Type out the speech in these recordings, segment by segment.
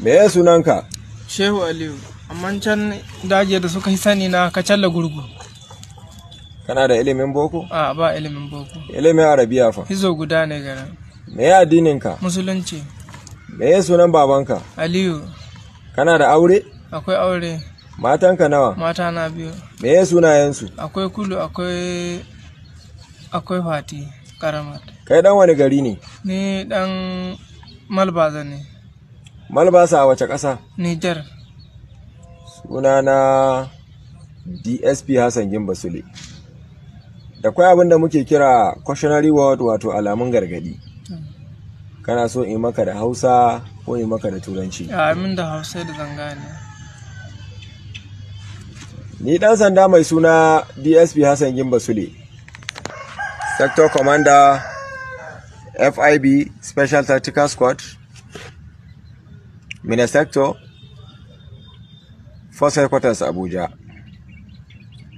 me ya sunanka shehu aliyu amma can daji da suka yi sani na kacalla gurgu kana da ilimin boko a ba ilimin boko ilimin arabiya fa hizo guda ne gara me ya ka musulunci me ya sunan babanka aliyu kana da aure akwai aure matanka nawa mata na biyu me ya sunayensu akwai kulu akwai akwai fati karamat kai dan wani gari ne ni dan malbaza ne malbasa a wace ƙasa niger na dsp hassan gimba sule da kwai abin da muke kira cautionary word wato alamun gargadi kana so in maka da hausa ko in maka da turanci amin da hausa da zangane ni dan sanda mai suna dsp hassan gimba sule sector commander fib special tactical squad Minnesector First Headquarters Abuja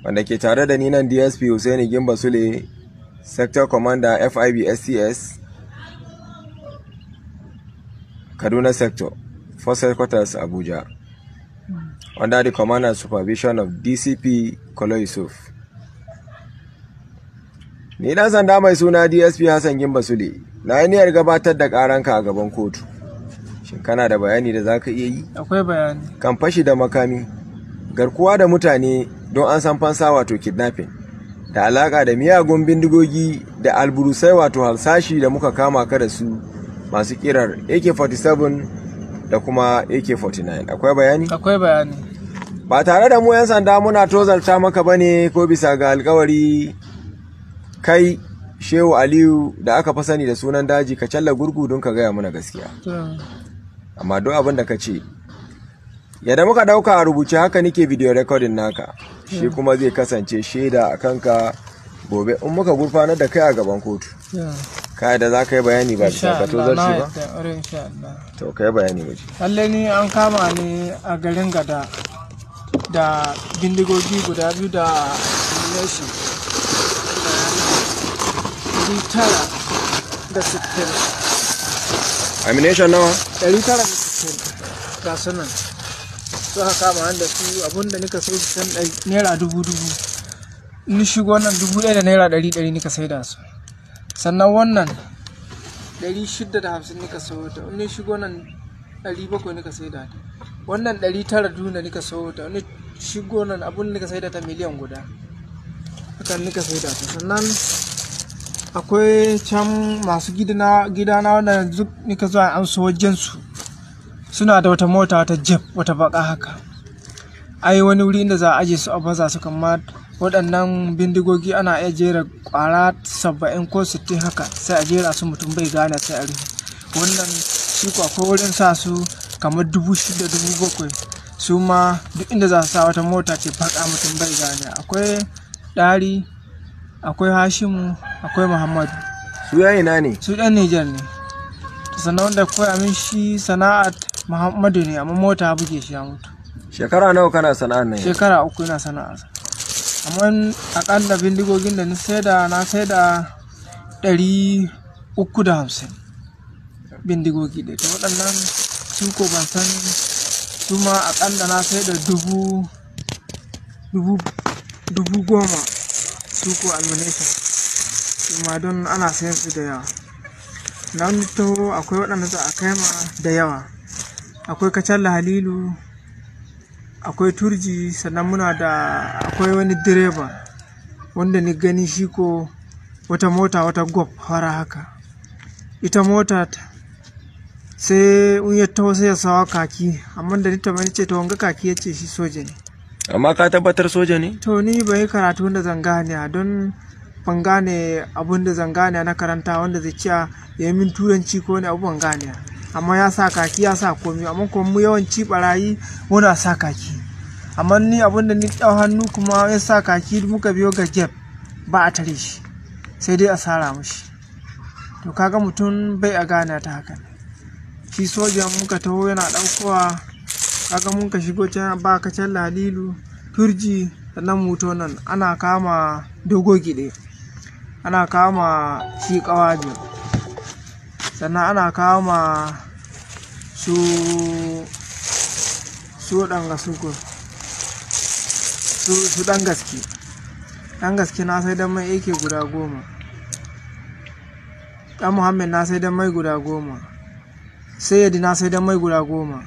wanda ke tare da ninan DSP Husaini Gimba Sule Sector Commander FIB STS Kaduna Sector First Headquarters Abuja under the command and supervision of DCP Kolo Yusuf. Ni dan sanda mai suna DSP Hassan Gimba Sule na yi niyyar gabatar da karanka a gaban kotu. shin kana da bayani da za ka iya yi akwai bayani kan fashi da makami garkuwa da mutane don an san fansa wato kidnapping da alaka da miyagun bindigogi da alburusai wato halsashi da muka kama ka da su masu kirar ak-47 da kuma ak-49 akwai bayani akwai bayani ba tare da mu 'yan sanda muna tozarta maka bane ko bisa ga alkawari kai shehu aliyu da aka fi sani da sunan daji ka challa gurgu don ka gaya mana gaskiya amma duk abin da ka ce yadda muka dauka a rubuce haka nike video recording naka shi kuma zai kasance shaida a kanka gobe in muka gurfanar da kai a gaban kotu ka da za ka yi bayani ba bisa ka tozar shi ba to ka yi bayani ba lalle ni an kama ne a garin gada da bindigogi guda biyu da nashi tara da sittin amination nawa? 960 ga sunan su haka kama da su abinda nika sai su can naira dubu dubu ni shigo nan dubu ɗaya da naira ɗari ɗari nika sai da su sannan wannan ɗari shida da hamsin nika sayo ta ni shigo nan ɗari bakwai nika sai da ta wannan ɗari tara duna nika sayo ta ni shigo nan abin nika sai da ta miliyan guda hakan nika sai da ta sannan akwai can masu gidana wanda duk nika zuwa an so wajensu suna da wata mota wata jeb wata baka haka ai wani wuri inda za a aje su a baza su kamma waɗannan bindigogi ana iya jera ƙwara saba'in ko sittin haka sai a jera su mutum bai gane sai a rufe wannan shi ko akwai wurin sa su kamar dubu shida dubu bakwai su ma duk inda za su sa wata mota ce baka mutum bai gane akwai ɗari akwai hashimu akwai muhammadu su ya ina ne su ɗan nijar ne sannan wanda koya min shi sana'at muhammadu ne amma mota ya ke shi ya mutu shekara nawa kana sana'ar nan shekara uku ina sana'a. amma akalla bindigogin da na saida na saida ɗari uku da hamsin bindigogi da ta waɗannan su ko ban san su ma akalla na saida dubu dubu goma Suku, almanesa kuma don ana sayan su da yawa na wani taho akwai waɗanda za a kai da yawa akwai kacalla halilu akwai turji sannan muna da akwai wani direba wanda ni gani shi ko wata mota wata gob fara haka ita mota sai in ya taho ya sawa kaki amma da ni tamani ce ta wanga kaki ya ce shi soja ne amma ka tabbatar soja ne to ni bai karatu da zan don ban gane abun da zan na karanta wanda zai ciya ya yi min turanci ko ne abubuwan gane amma ya sa kaki ya sa komi amma kuma yawanci barayi muna sa kaki amma ni abun da ni ɗau hannu kuma ya sa kaki muka biyo ga gap ba a tare shi sai dai a sara mushi to kaga mutum bai a gane ta haka shi sojan muka taho yana ɗaukowa kaga mun ka shigo can ba ka can lalilu turji da nan muto nan ana kama dogo gide ana kama shi kawaje sannan ana kama su su dan suku su ɗan gaske ɗan gaske na sai dan mai yake guda goma ɗan muhammed na sai dan mai guda goma sayyadi na sai dan mai guda goma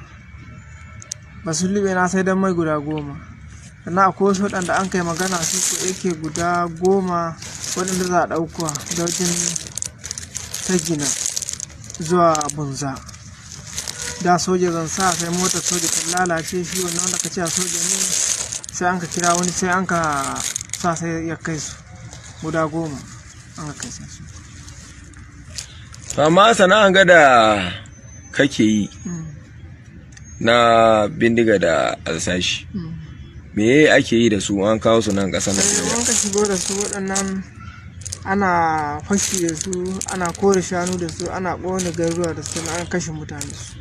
ba su lube na sai dan mai guda goma na akwai wasu waɗanda an kai magana su ko yake guda goma waɗanda za a ɗauka da wajen ta gina zuwa bunza da soja zan sa sai mota soja ta lalace shi wannan wanda ka ce a soja ne sai an ka kira wani sai an ka sa sai ya kai su guda goma an ka kai su amma sana'an gada kake yi mm. na bindiga da alsashi hmm. me ake yi da su an kawo su nan kasa nan An ka shigo da su waɗannan ana fashi da su ana kore shanu da su ana ƙone garuruwa da su ana kashe mutane su.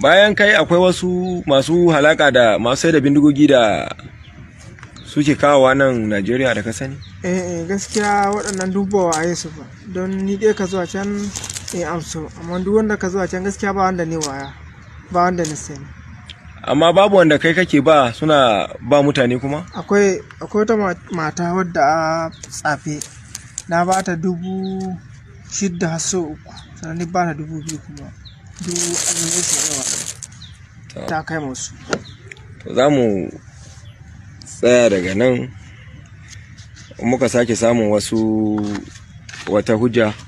Bayan kai akwai wasu masu halaka da masu sai da bindigogi da suke wa nan Najeriya da ka sani? Eh, eh gaskiya waɗannan dubawa a yi su don ni ɗaya ka zuwa can eh amso amma duk wanda ka zo a can gaskiya ba wanda ne waya ba wanda na sani amma babu wanda kai kake ba suna ba mutane kuma akwai akwai wata mata wadda a tsafe na ba ta dubu shidda har so uku sannan ba ta dubu biyu kuma dubu azumin shi yawa ta kai musu to za mu tsaya daga nan muka sake samun wasu wata hujja